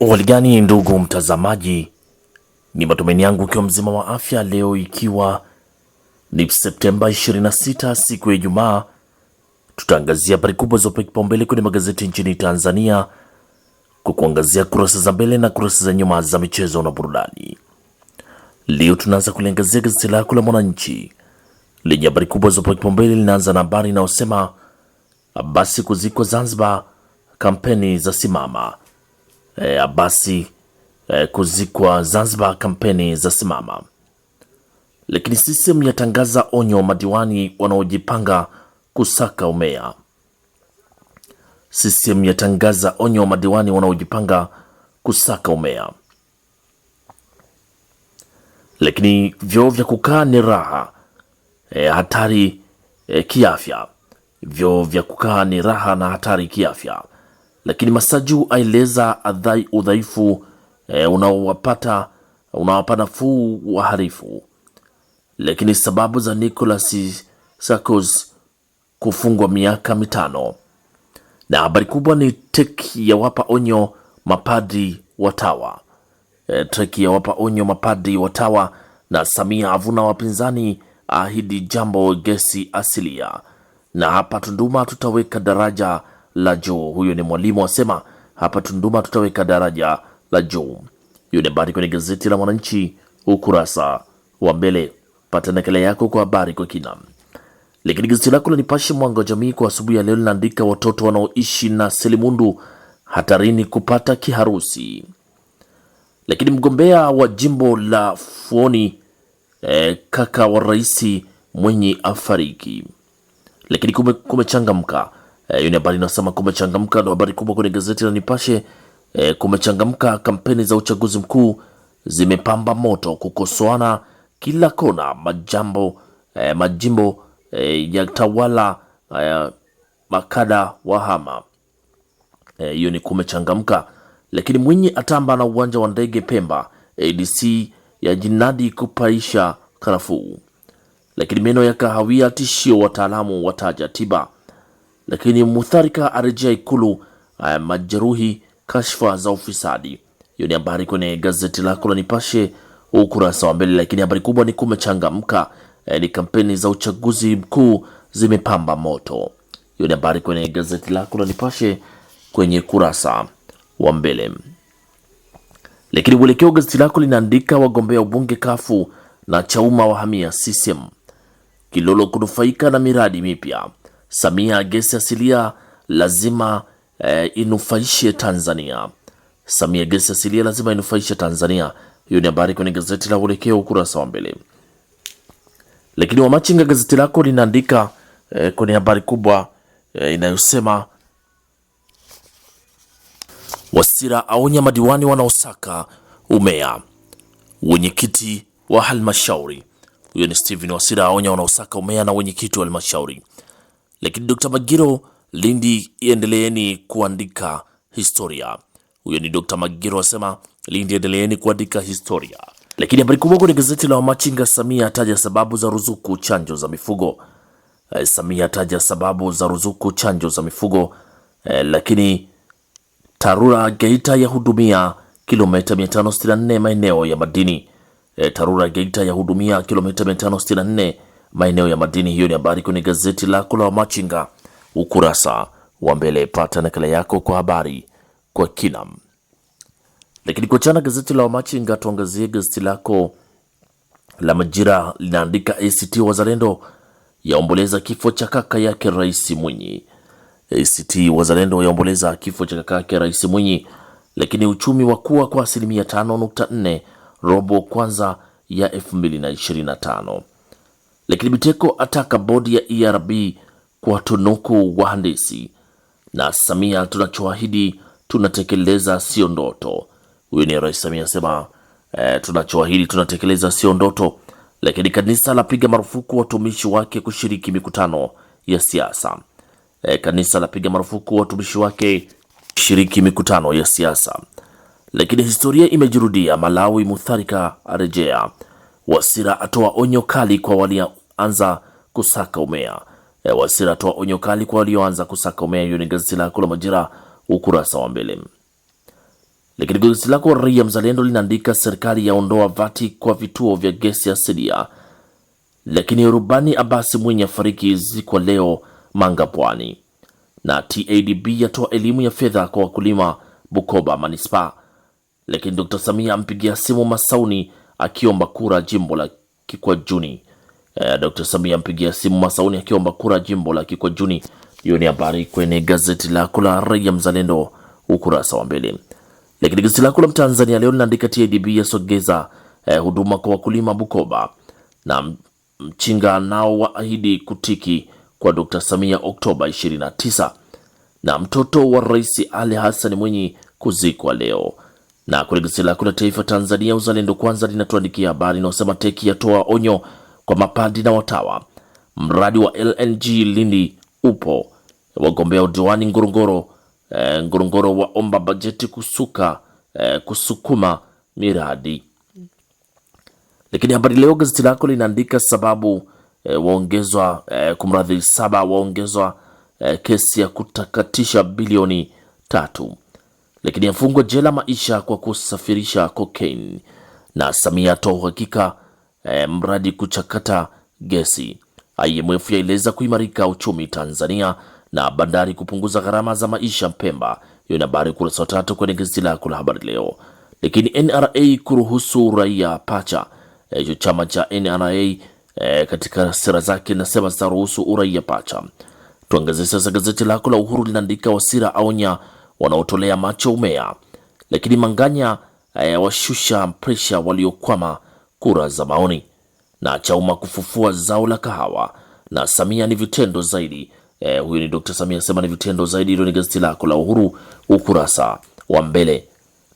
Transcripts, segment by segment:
Waligani ndugu mtazamaji, ni matumaini yangu ukiwa mzima wa afya leo, ikiwa ni Septemba 26 siku ya Ijumaa, tutaangazia habari kubwa zopewa kipaumbele kwenye magazeti nchini Tanzania kwa kuangazia kurasa za mbele na kurasa za nyuma za michezo na burudani. Leo tunaanza kuliangazia gazeti lako la Mwananchi lenye habari kubwa zopewa kipaumbele, linaanza na habari inayosema basi kuzikwa Zanzibar kampeni za simama. E, Abasi e, kuzikwa Zanzibar, kampeni za simama. Lakini CCM yatangaza onyo madiwani wanaojipanga kusaka umea. CCM yatangaza onyo madiwani wanaojipanga kusaka umea. Lakini vyoo vya kukaa ni raha e, hatari e, kiafya. Vyoo vya kukaa ni raha na hatari kiafya lakini Masaju aeleza udhaifu e, unaowapata unawapa nafuu waharifu, lakini sababu za Nicolas Sarkozy kufungwa miaka mitano. Na habari kubwa ni tek yawapa onyo mapadi watawa e, eh, tek yawapa onyo mapadi watawa, na Samia avuna wapinzani ahidi jambo gesi asilia. Na hapa Tunduma tutaweka daraja la juu. Huyo ni mwalimu asema hapa Tunduma tutaweka daraja la juu. Hiyo ni habari kwenye gazeti la Mwananchi ukurasa wa mbele. Pata nakala yako kwa habari kwa kina. Lakini gazeti lako la Nipashe mwanga wa jamii kwa asubuhi ya leo linaandika watoto wanaoishi na selimundu hatarini kupata kiharusi. Lakini mgombea wa jimbo la Fuoni eh, kaka wa rais mwenye afariki. Lakini kumechangamka kume E, hiyo ni habari inasema kumechangamka, ndo habari kubwa kwenye gazeti la Nipashe. E, kumechangamka, kampeni za uchaguzi mkuu zimepamba moto, kukosoana kila kona, majambo e, majimbo e, ya tawala e, makada wahama. Hiyo e, ni kumechangamka. Lakini Mwinyi atamba na uwanja wa ndege Pemba, ADC ya jinadi kupaisha karafuu. Lakini meno ya kahawia tishio, wataalamu wataja tiba lakini Mutharika arejea Ikulu, majeruhi kashfa za ufisadi. Hiyo ni habari kwenye gazeti lako la Nipashe ukurasa wa mbele, lakini habari kubwa ni kumechangamka, eh, ni kampeni za uchaguzi mkuu zimepamba moto. Hiyo ni habari kwenye gazeti lako la Nipashe kwenye kurasa wa mbele, lakini uelekeo gazeti lako linaandika wagombea ubunge kafu na chauma wahamia CCM Kilolo kunufaika na miradi mipya. Samia, gesi asilia lazima e, inufaishe Tanzania. Samia, gesi asilia lazima inufaishe Tanzania. Hiyo ni habari kwenye gazeti la Uelekeo ukurasa wa mbele. Lakini Wamachinga, gazeti lako linaandika e, kwenye habari kubwa e, inayosema Wasira aonya madiwani wanaosaka umea wenyekiti wa halmashauri. Huyo ni Steven Wasira aonya wanaosaka umea na wenyekiti wa halmashauri lakini Dr. Magiro, Lindi endeleeni kuandika historia. Huyo ni Dr. Magiro asema Lindi endeleeni kuandika historia. Lakini habari kubwa kwenye gazeti la Wamachinga, Samia ataja sababu za ruzuku chanjo za mifugo. E, Samia ataja sababu za ruzuku chanjo za mifugo. E, lakini Tarura Geita yahudumia kilomita 564 maeneo ya madini. E, Tarura Geita yahudumia kilomita 564 maeneo ya madini. Hiyo ni habari kwenye gazeti lako la Wamachinga ukurasa wa mbele, pata nakala yako kwa habari kwa kina. Lakini kuachana gazeti la Wamachinga, tuangazie gazeti lako la Majira linaandika ACT Wazalendo yaomboleza kifo cha kaka yake Rais Mwinyi. ACT Wazalendo yaomboleza kifo cha kaka yake Rais Mwinyi. Lakini uchumi wa kuwa kwa asilimia 5.4 robo kwanza ya 2025. Lakini Biteko ataka bodi ya ERB kuwatunuku wahandisi. Na Samia, tunachoahidi tunatekeleza, sio ndoto. Huyu ni Rais Samia asema e, tunachoahidi tunatekeleza, sio ndoto. Lakini kanisa lapiga marufuku watumishi wake kushiriki mikutano ya siasa. E, kanisa lapiga marufuku watumishi wake kushiriki mikutano ya siasa. Lakini historia imejirudia, Malawi mutharika arejea Wasira atoa onyo kali kwa walioanza kusaka umea. E, Wasira atoa onyo kali kwa walioanza kusaka umea. Hiyo ni gazeti lako la Majira ukurasa wa mbele. Lakini gazeti lako Raia Mzalendo linaandika serikali yaondoa vati kwa vituo vya gesi asilia. Lakini rubani Abasi Mwinyi afariki zikwa leo Manga Pwani, na TADB yatoa elimu ya fedha kwa wakulima Bukoba manispaa. Lakini Dr. Samia ampigia simu Masauni akiomba kura jimbo la Kikwajuni. Eh, Dr. Samia ampigia simu Masauni akiomba kura jimbo la Kikwajuni. Hiyo ni habari kwenye gazeti lako la Raia Mzalendo ukurasa wa mbele. Lakini gazeti lako la Mtanzania leo linaandika TADB yasogeza eh, huduma kwa wakulima Bukoba na mchinga nao waahidi kutiki kwa Dr. Samia Oktoba 29 na mtoto wa Rais Ali Hassan Mwinyi kuzikwa leo. Na kule gazeti lako la taifa Tanzania Uzalendo Kwanza linatuandikia habari inayosema teki yatoa onyo kwa mapadi na watawa, mradi wa LNG lini upo, wagombea udiwani Ngorongoro e, Ngorongoro waomba bajeti kusuka e, kusukuma miradi. Lakini habari leo gazeti lako linaandika sababu e, waongezwa e, kumradhi saba waongezwa e, kesi ya kutakatisha bilioni tatu lakini afungwa jela maisha kwa kusafirisha cocaine. Na Samia atoa uhakika eh, mradi kuchakata gesi. IMF yaeleza kuimarika uchumi Tanzania na bandari kupunguza gharama za maisha Pemba. Hiyo ni habari ukurasa wa tatu kwenye gazeti lako la habari leo. Lakini NRA kuruhusu raia pacha, eh, hicho chama cha NRA E, eh, katika sera zake nasema zitaruhusu uraia pacha. Tuangazie sasa gazeti lako la Uhuru linaandika Wasira aonya wanaotolea macho umea, lakini Manganya eh, washusha presha waliokwama kura za maoni, na Chauma kufufua zao la kahawa, na Samia ni vitendo zaidi. Eh, huyu ni Dr. Samia sema ni vitendo zaidi. Hilo ni gazeti lako la Uhuru ukurasa wa mbele,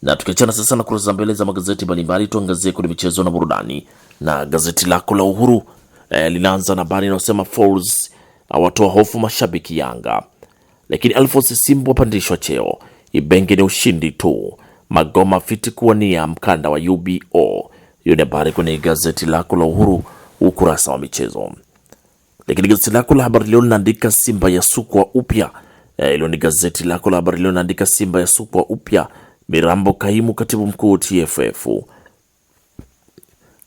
na tukiachana sasa na kurasa za mbele za magazeti mbalimbali, tuangazie kwenye michezo na burudani, na gazeti lako la Uhuru eh, linaanza na habari inayosema Folz awatoa hofu mashabiki Yanga lakini Alphonse Simbo apandishwa cheo. Ibenge ni ushindi tu. Magoma fiti kuwania mkanda wa UBO. Hiyo ni habari kwenye gazeti lako la Uhuru ukurasa wa michezo. Lakini gazeti lako la Habari Leo linaandika Simba ya sukwa upya. Eh, hilo ni gazeti lako la Habari Leo linaandika Simba ya sukwa upya. Mirambo kaimu katibu mkuu TFF.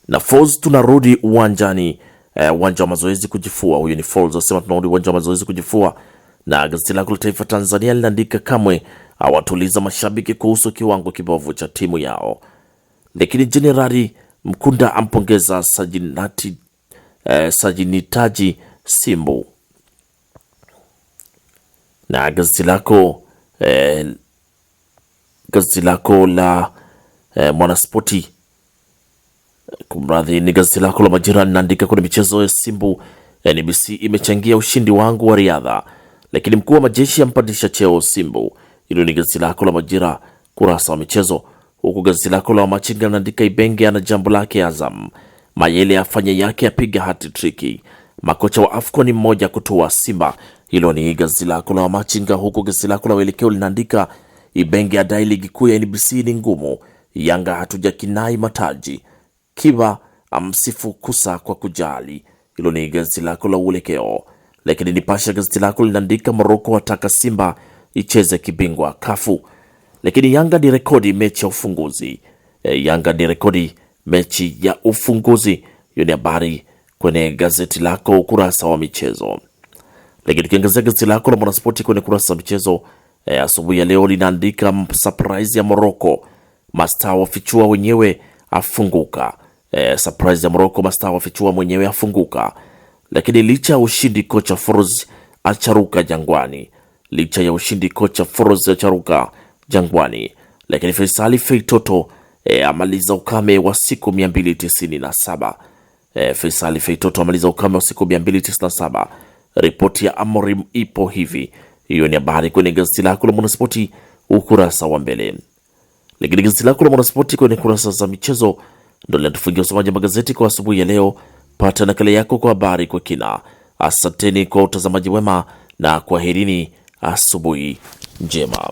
Na Falls tunarudi uwanjani, eh, uwanja e, wa mazoezi kujifua. Huyu ni Falls asema tunarudi uwanja wa mazoezi kujifua na gazeti lako la Taifa Tanzania linaandika kamwe awatuliza mashabiki kuhusu kiwango kibovu cha timu yao, lakini Jenerali Mkunda ampongeza sajinati, eh, sajinitaji Simbu na gazeti lako eh, gazeti lako la eh, Mwanaspoti kumradhi, ni gazeti lako la Majira linaandika kwenye michezo ya Simbu, NBC imechangia ushindi wangu wa riadha lakini mkuu wa majeshi ampandisha cheo Simbu. Hilo ni gazeti lako la Majira kurasa wa michezo, huku gazeti lako la Wamachinga linaandika Ibenge ana jambo lake Azam, Mayele afanya yake apiga hatritriki, makocha wa AFCON mmoja kutoa Simba. Hilo ni gazeti lako la Wamachinga, huku gazeti lako la Uelekeo linaandika Ibenge adai ligi kuu ya NBC ni ngumu, Yanga hatuja kinai mataji, Kiba amsifu Kusa kwa kujali. Hilo ni gazeti lako la Uelekeo. Lakini Nipashe gazeti lako linaandika Moroko wataka Simba icheze kibingwa kafu, lakini Yanga ni rekodi mechi ya ufunguzi. E, Yanga ni rekodi mechi ya ufunguzi. Hiyo ni habari kwenye gazeti lako ukurasa wa michezo. Lakini ukiangazia gazeti lako la Mwanaspoti kwenye kurasa wa michezo e, asubuhi ya leo linaandika surprise ya Moroko, mastaa wafichua wenyewe afunguka. E, surprise ya Moroko, mastaa wafichua mwenyewe afunguka. Lakini licha ya ushindi, kocha Folz acharuka Jangwani. Licha ya ushindi, kocha Folz acharuka Jangwani. Lakini Faisali Feitoto e, amaliza ukame wa siku 297. E, Faisali Feitoto amaliza ukame wa siku 297. Ripoti ya Amorim ipo hivi. Hiyo ni habari kwenye gazeti lako la Mwanaspoti ukurasa wa mbele. Lakini gazeti lako la Mwanaspoti kwenye kurasa za michezo ndio linatufungia usomaji wa magazeti kwa asubuhi ya leo pata nakala yako kwa habari kwa kina. Asanteni kwa utazamaji wema na kwaherini, asubuhi njema.